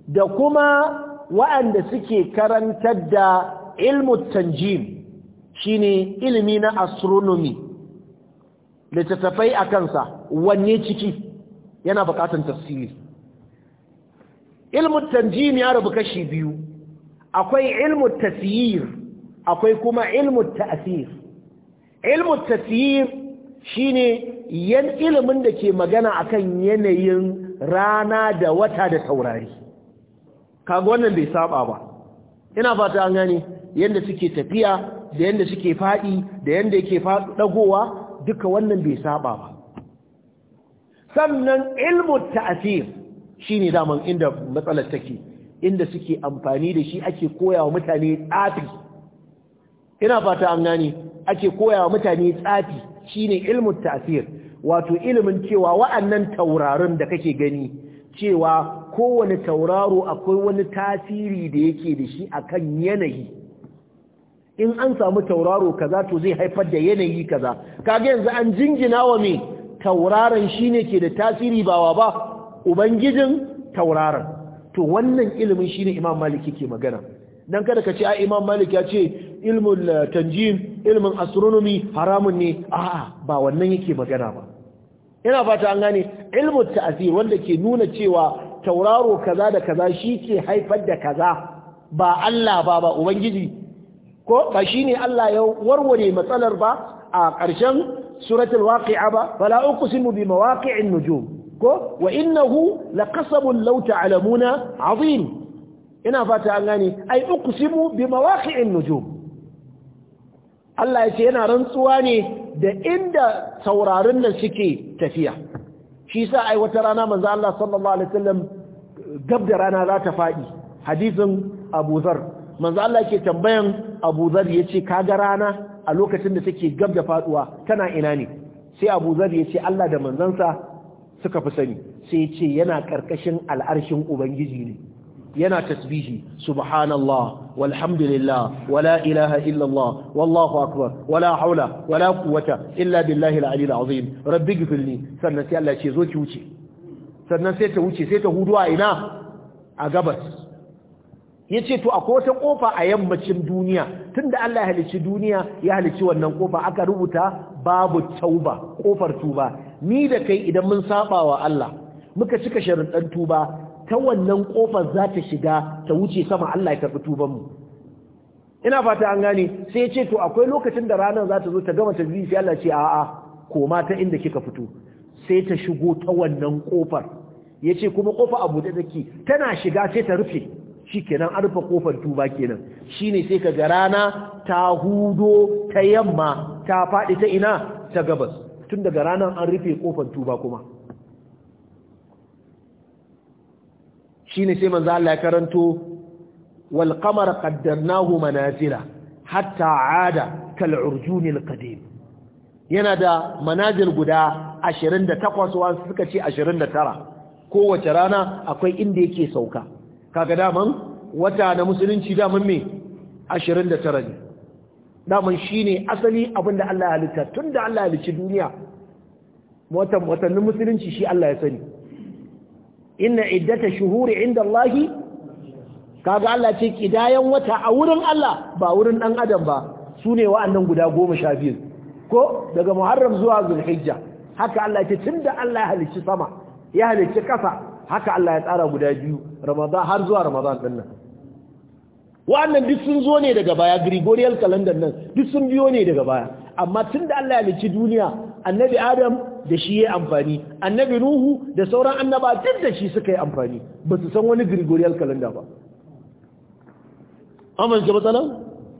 da kuma wa'anda suke karantar da ilmu tanjim shine ilimi na astronomy littattafai a kansa wanne ciki yana bukatan tafsiri ilmu tanjim ya rabu kashi biyu akwai ilmu tasir akwai kuma ilmu ta'asir ilmu tasir shine yan ilimin da ke magana akan yanayin rana da wata da taurari kaga wannan bai saba ba ina fata an gane yanda suke tafiya da yanda suke fadi da yanda yake dagowa duka wannan bai saba ba sannan ilmu ta'asir shine daman inda matsalar take inda suke amfani da shi ake koyawa mutane tsafi ina fata an gani. ake koyawa mutane tsafi shine ilmu ta'sir wato ilimin cewa wa'annan taurarin da kake gani cewa kowane tauraro akwai wani tasiri da yake da shi akan yanayi in an samu tauraro kaza to zai haifar da yanayi kaza kaga yanzu an jingina wa me tauraron shine ke da tasiri bawa ba ubangijin tauraron to wannan ilimin shine imam malik yake magana dan kada ka ce a imam malik ya ce ilmin eh, tanjim ilmin astronomy haramun ne a'a ba wannan yake magana ba ina fata an gane ilmin ta'zir wanda ke nuna cewa tauraro kaza da kaza shi ke haifar da kaza ba Allah ba ba ubangiji ko ba shine Allah ya warware matsalar ba a ƙarshen suratul waqi'a ba fala uqsimu bi mawaqi'in nujum ko wa innahu laqasabun law ta'lamuna 'azim ina fata an gane ai uqsimu bi mawaqi'in nujum Allah ya ce yana rantsuwa ne da inda sauraron nan suke tafiya shi sa ai wata rana manzo Allah sallallahu alaihi wasallam gab da rana za ta fadi hadisin Abu Zar manzo Allah yake tambayan Abu Zar yace kaga rana a lokacin da take gab da faduwa tana ina ne sai Abu Zar yace Allah da manzansa suka fi sani sai yace yana karkashin al'arshin ubangiji ne yana tasbihi subhanallah walhamdulillah wala ilaha illallah wallahu akbar wala haula wala quwwata illa billahi al-aliyyil azim rabbi gfirli sannan sai Allah ya ce zo ki wuce sannan sai ta wuce sai ta hudu a ina a gabas yace to akwai wata kofa a yammacin duniya tunda Allah ya halicci duniya ya halicci wannan kofa aka rubuta babu tauba kofar tuba ni da kai idan mun saba wa Allah muka cika sharuɗan tuba ta wannan kofar za ta shiga ta wuce sama Allah ya karɓi tubanmu ina fata an gane sai ya ce to akwai lokacin da ranar za ta zo ta gama ta tasbihi sai Allah ce a'a koma ta inda kika fito sai ta shigo ta wannan kofar ce kuma kofa a buɗe take tana shiga sai ta rufe shi kenan an rufe kofar tuba kenan shine sai ka ga rana ta hudo ta yamma ta faɗi ta ina ta gabas tun daga ranar an rufe kofar tuba kuma ne sai manzo Allah ya karanto wal qamara qaddarnahu manazila hatta ada kal urjunil qadim yana da manazil guda 28 wasu suka ce 29 kowace rana akwai inda yake sauka kaga daman wata na musulunci daman me 29 ne daman shine asali abinda Allah ya halitta tunda Allah ya halicci duniya watan watannin musulunci shi Allah ya sani inna iddata shuhuri inda Allahi kaga Allah ce kidayan wata a wurin Allah ba wurin dan adam ba sune wa'annan guda biyu ko daga Muharram zuwa Zulhijja haka Allah ce tunda Allah ya halicci sama ya halicci kasa haka Allah ya tsara guda biyu Ramadan har zuwa Ramadan din nan wa'annan duk sun zo ne daga baya Gregorian calendar nan duk sun biyo ne daga baya amma tun da Allah ya halicci duniya annabi adam da shi ya amfani annabi nuhu da sauran annaba duk da shi suka yi amfani ba su san wani gregorial calendar ba Amince ga matsalan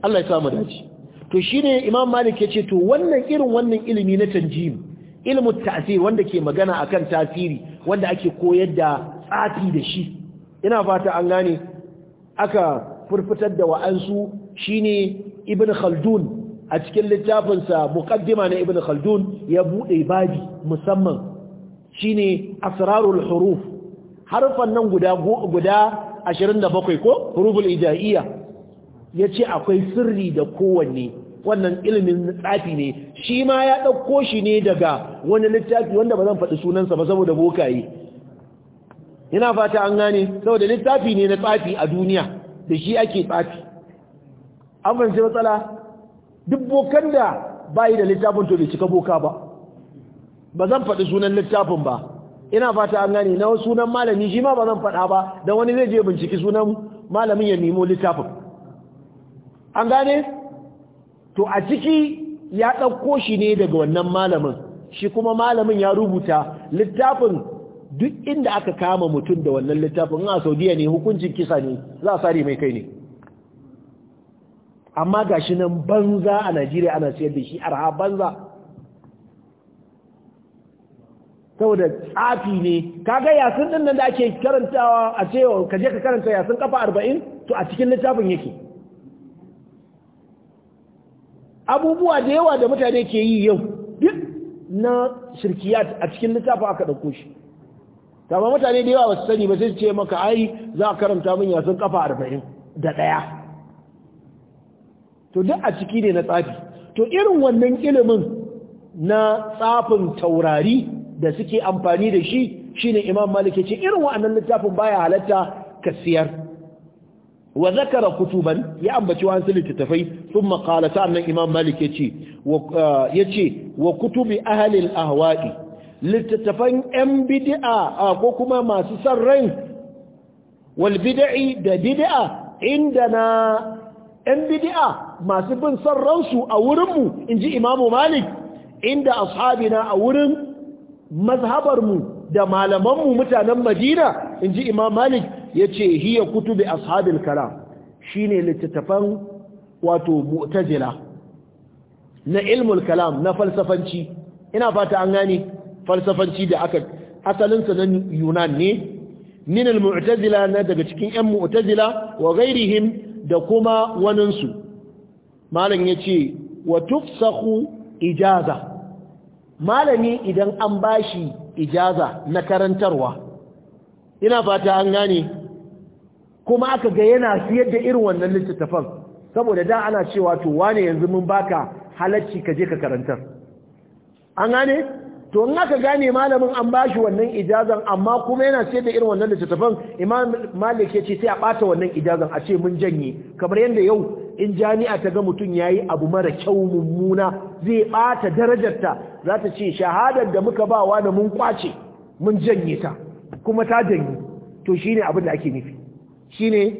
Allah ya samu dace to shine imam malik ya ce to wannan irin wannan ilimi na tanjim ilmu ta'sir wanda ke magana akan tasiri wanda ake koyar da tsafi da shi ina fata an gane aka furfutar da wa'ansu shine ibn khaldun a cikin littafinsa muqaddima na ibn khaldun ya bude babi musamman shine asrarul huruf harfan nan guda guda 27 ko huruful ijaiya ce akwai sirri da kowanne wannan ilimin tsafi ne shi ma ya dauko shi ne daga wani littafi wanda ba zan faɗi sunansa ba saboda bokaye ina fata an gane saboda littafi ne na tsafi a duniya da shi ake tsafi an fahimci matsala duk bokan da bayi da littafin to bai cika boka ba ba zan faɗi sunan littafin ba ina fata an gane na sunan malami shi ma ba zan faɗa ba da wani zai je binciki sunan malamin ya nemo littafin an gane to a ciki ya ɗauko shi ne daga wannan malamin shi kuma malamin ya rubuta littafin duk inda aka kama mutum da wannan littafin a saudiya ne hukuncin kisa ne za a sare mai kai ne amma gashi nan banza a Najeriya ana sayar da shi arha banza saboda tsafi ne kaga yasin din nan da ake karantawa a cewa ka je ka karanta yasin kafa 40 to a cikin littafin yake abubuwa da yawa da mutane ke yi yau duk na shirkiyat a cikin littafin aka dauko shi kamar mutane da yawa ba su sani ba sai ce maka ai za a karanta min yasin kafa 40 da daya to duk a ciki ne na tsafi to irin wannan ilimin na tsafin taurari da suke amfani da shi shine imam malik ya ce irin wa'annan littafin baya halatta ka siyar wa zakara kutuban ya ambaci wa hansu littattafai sun makala sa'annan imam malik ya ce uh, wa kutubi ahalin ahwaɗi littattafan 'yan bidi'a ko kuma masu san rai wal da bidi'a inda na 'yan bidi'a masu bin son ransu a wurinmu in ji imamu malik inda ashabina a wurin mazhabarmu da malamanmu mutanen madina in ji imam malik ya ce hiya kutubi ashabil kalam shine littattafan wato mu'tazila na ilmul kalam na falsafanci ina fata an gane falsafanci da aka asalinsa na yunan ne min al-mu'tazila na daga cikin 'yan mu'tazila wa ghairihim da kuma waninsu malam ya ce wa tufsahu ijaza malami idan an bashi ijaza na karantarwa ina fata an gane kuma aka ga yana siyar da irin wannan littattafan saboda da ana cewa to wane yanzu mun baka halacci ka je ka karantar an gane to in aka gane malamin an bashi wannan ijazan amma kuma yana sayar da irin wannan littattafan imam malik ya ce sai a bata wannan ijazan a ce mun janye kamar yadda yau in jami'a ta ga mutum yayi abu mara kyau mummuna zai bata darajarta za ta ce shahadar da muka bawa da mun kwace mun janye ta kuma ta janye to shine abin da ake nufi shine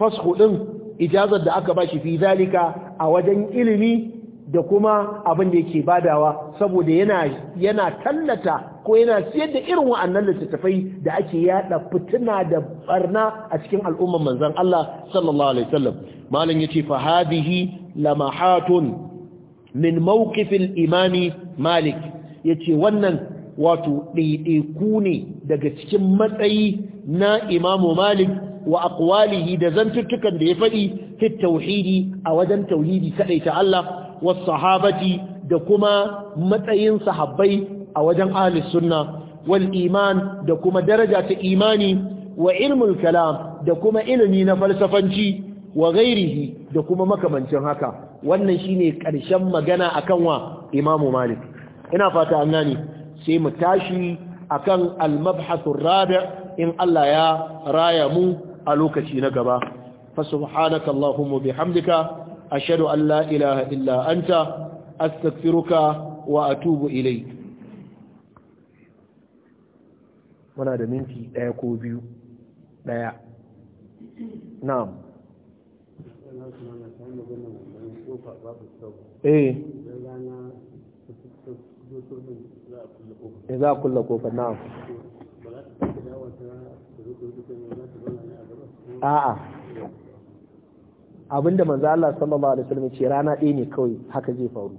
fasxu din ijazar da aka bashi fi zalika a wajen ilimi da kuma abin da yake badawa saboda yana yana tallata ko yana siyar da irin wa'annan littattafai da ake yada fituna da barna a cikin al'umman manzon Allah sallallahu alaihi wasallam malam yace fa hadhihi lamahatun min mawqif al-imami malik yace wannan wato ɗaiɗaiku ne daga cikin matsayi na imamu malik wa aqwalihi da zantuttukan da ya faɗi fit tauhidi a wajen tauhidi kaɗai ta Allah was-sahabati da kuma matsayin sahabbai a wajen ahlus sunna wal iman da kuma daraja ta imani wa ilmin kalam da kuma ilimi na falsafanci wa ghairihi da kuma makamancin haka wannan shine ƙarshen magana akan wa Imam Malik ina fata an gane sai mu tashi akan al-mabhath ar in Allah ya raya mu a lokaci na gaba fa subhanaka allahumma bihamdika ashhadu an la ilaha illa anta astaghfiruka wa atubu ilai. muna da minti ɗaya ko biyu ɗaya na'am eh, eh za a kulla kofar na'am a'a abinda manzo Allah sallallahu alaihi wasallam ce rana ɗaya ne kawai haka zai faru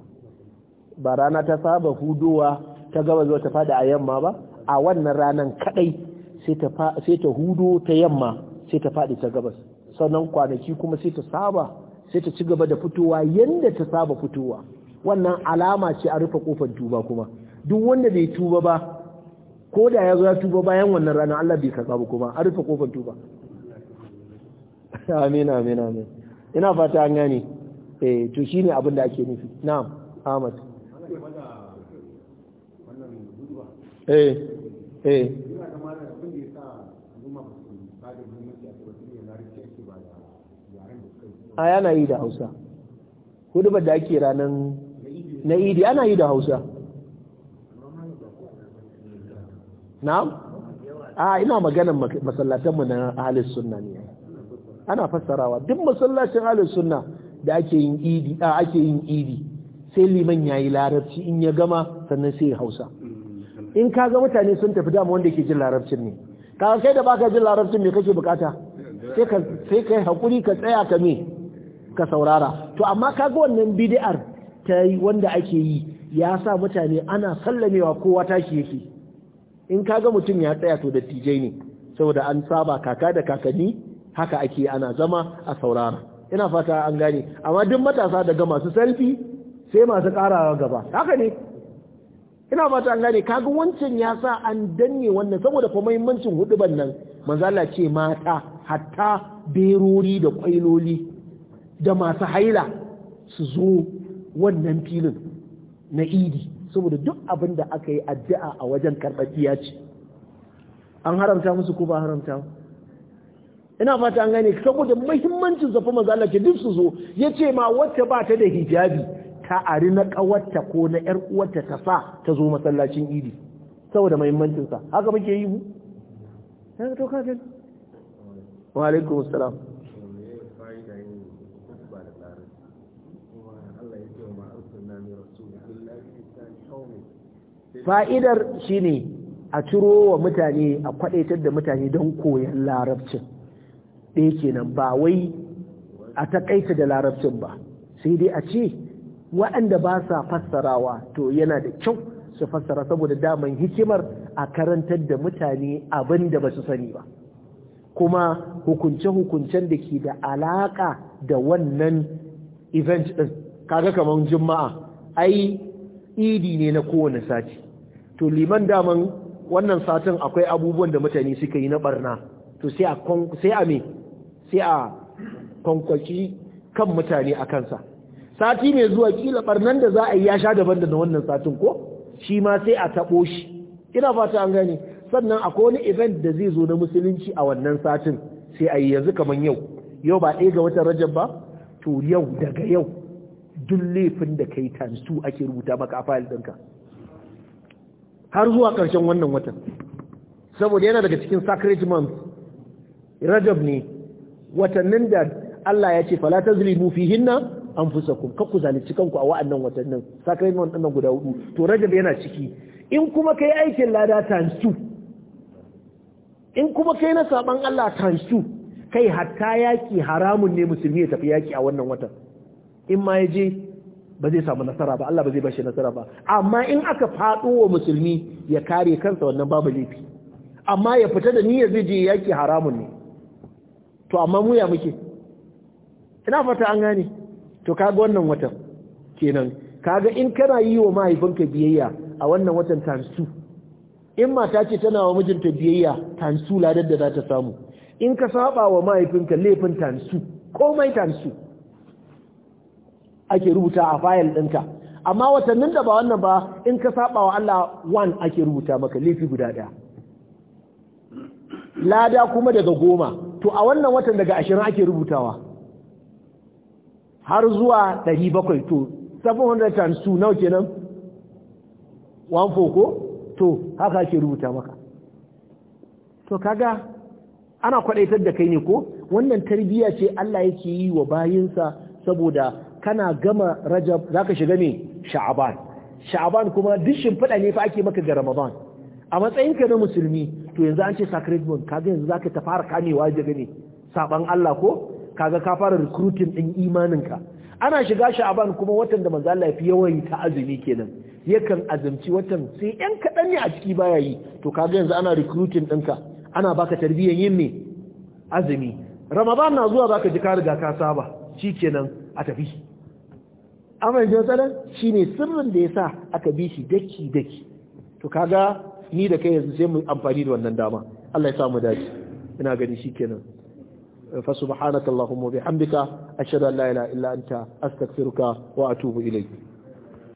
ba rana ta saba hudowa ta gaba zuwa ta fada a yamma ba a wannan ranan kadai sai ta sai ta hudo ta yamma sai ta fadi ta gabas sannan kwanaki kuma sai ta saba sai ta ci gaba da fitowa yanda ta saba fitowa wannan alama ce a rufe kofar tuba kuma duk wanda bai tuba ba ko da ya zo ya tuba bayan wannan ranar Allah bai karɓa ba kuma a rufe kofar tuba amin amin amin ina fata an gane eh to shine abin da ake nufi na'am Ahmad eh eh a yana yi da hausa hudubar da ake ranar na idi ana yi da hausa na'am a ina maganin masallatanmu na ahalis sunna ne ana fassarawa duk masallacin ahlus sunna da ake yin idi a ake yin idi sai liman yayi larabci in ya gama sannan sai hausa mm-hmm. in ka ga mutane sun tafi dama wanda ke jin larabcin ne ka kai da baka jin larabcin me kake bukata sai ka sai kai hakuri ka tsaya ka me ka saurara to amma ka ga wannan bid'ar ta yi wanda ake yi ya sa mutane ana sallamewa kowa tashi yake in ka ga mutum ya tsaya to dattijai ne saboda an saba kaka da kakanni haka ake ana zama a saurara ina fata an gane amma duk matasa daga masu sarfi sai masu karawa gaba haka ne ina fata an gane kaga wancan ya sa an danne wannan saboda fa muhimmancin huduban nan manzala ce mata hatta berori da kwailoli da masu haila su zo wannan filin na idi saboda duk abin da aka yi addu'a a wajen karɓar ce an haramta musu ko ba haramta ina fata an gane saboda muhimmancin zafi manzo Allah ce duk su zo ce ma wacce ba ta da hijabi ta ari na kawarta ko na yar uwarta ta sa ta zo masallacin idi saboda muhimmancin sa haka muke yi mu sai to ka gani wa alaikum assalam fa'idar shine a ciro wa mutane a kwadaitar da mutane don koyon larabcin ɗaya kenan ba wai a taƙaita da larabcin ba sai dai a ce waɗanda ba sa fassarawa to yana da kyau su fassara saboda daman hikimar a karantar da mutane abin da ba su sani ba kuma hukunce-hukuncen da ke da alaƙa da wannan event ɗin kaga kamar juma'a ai idi ne na kowane sati to liman daman wannan satin akwai abubuwan da mutane suka yi na barna to sai a me sai a kwankwaci kan mutane a kansa sati mai zuwa kila barnan da za a yi ya sha daban da wannan satin ko shi ma sai a taɓo shi ina fata an gane sannan akwai wani event da zai zo na musulunci a wannan satin sai a yi yanzu kamar yau yau ba ɗaya ga watan rajab ba to yau daga yau duk laifin da kai tansu ake rubuta maka a fayil ɗinka har zuwa ƙarshen wannan watan saboda yana daga cikin sacred month rajab ne watannin da Allah ya ce fala tazlimu an anfusakum ka ku zalunci kanku a wa'annan watannin sakamakon wannan guda hudu to rajab yana ciki in kuma kai aikin lada times in kuma kai na saban Allah times kai hatta yaki haramun ne musulmi ya tafi yaki a wannan watan in ma ya je ba zai samu nasara ba Allah ba zai bashi nasara ba amma in aka faɗo wa musulmi ya kare kansa wannan babu laifi amma ya fita da niyyar zai je yaki haramun ne to amma mu ya muke ina fata an gane to kaga wannan watan kenan kaga in kana yi wa mahaifinka biyayya a wannan watan tansu in mata ce tana wa mijinta biyayya tansu ladar da za ta samu in ka saba wa mahaifinka laifin tansu komai tansu ake rubuta a fayil ɗinka amma watannin da ba wannan ba in ka saba wa Allah wan ake rubuta maka laifi guda ɗaya lada kuma daga goma to a wannan watan daga ashirin ake rubutawa har zuwa 700 bakwai to 700 times 2 nawa kenan 1 ko to haka ake rubuta maka to kaga ana kwadaitar da kai ne ko wannan tarbiyya ce Allah yake yi wa bayinsa saboda kana gama rajab zaka shiga ne sha'aban sha'aban kuma duk shimfiɗa ne fa ake maka ga ramadan a matsayinka na musulmi to yanzu an ce ka kaga yanzu zaka ta fara kamewa daga ne saban Allah ko kaga ka fara recruiting din imaninka ana shiga sha'aban kuma watan da manzo Allah fi yawan ta azumi kenan yakan azumci watan sai yan kadan ne a ciki baya yi to kaga yanzu ana recruiting ka ana baka tarbiyyar yin me azumi ramadan na zuwa zaka ji ka riga ka saba kenan a tafi amma yanzu sanan shine sirrin da yasa aka bi shi daki daki to kaga ni da kai yanzu sai mu amfani da wannan dama Allah ya samu dace ina gani shikenan fa subhanakallahumma bihamdika ashhadu an la ilaha illa anta astaghfiruka wa atubu ilayk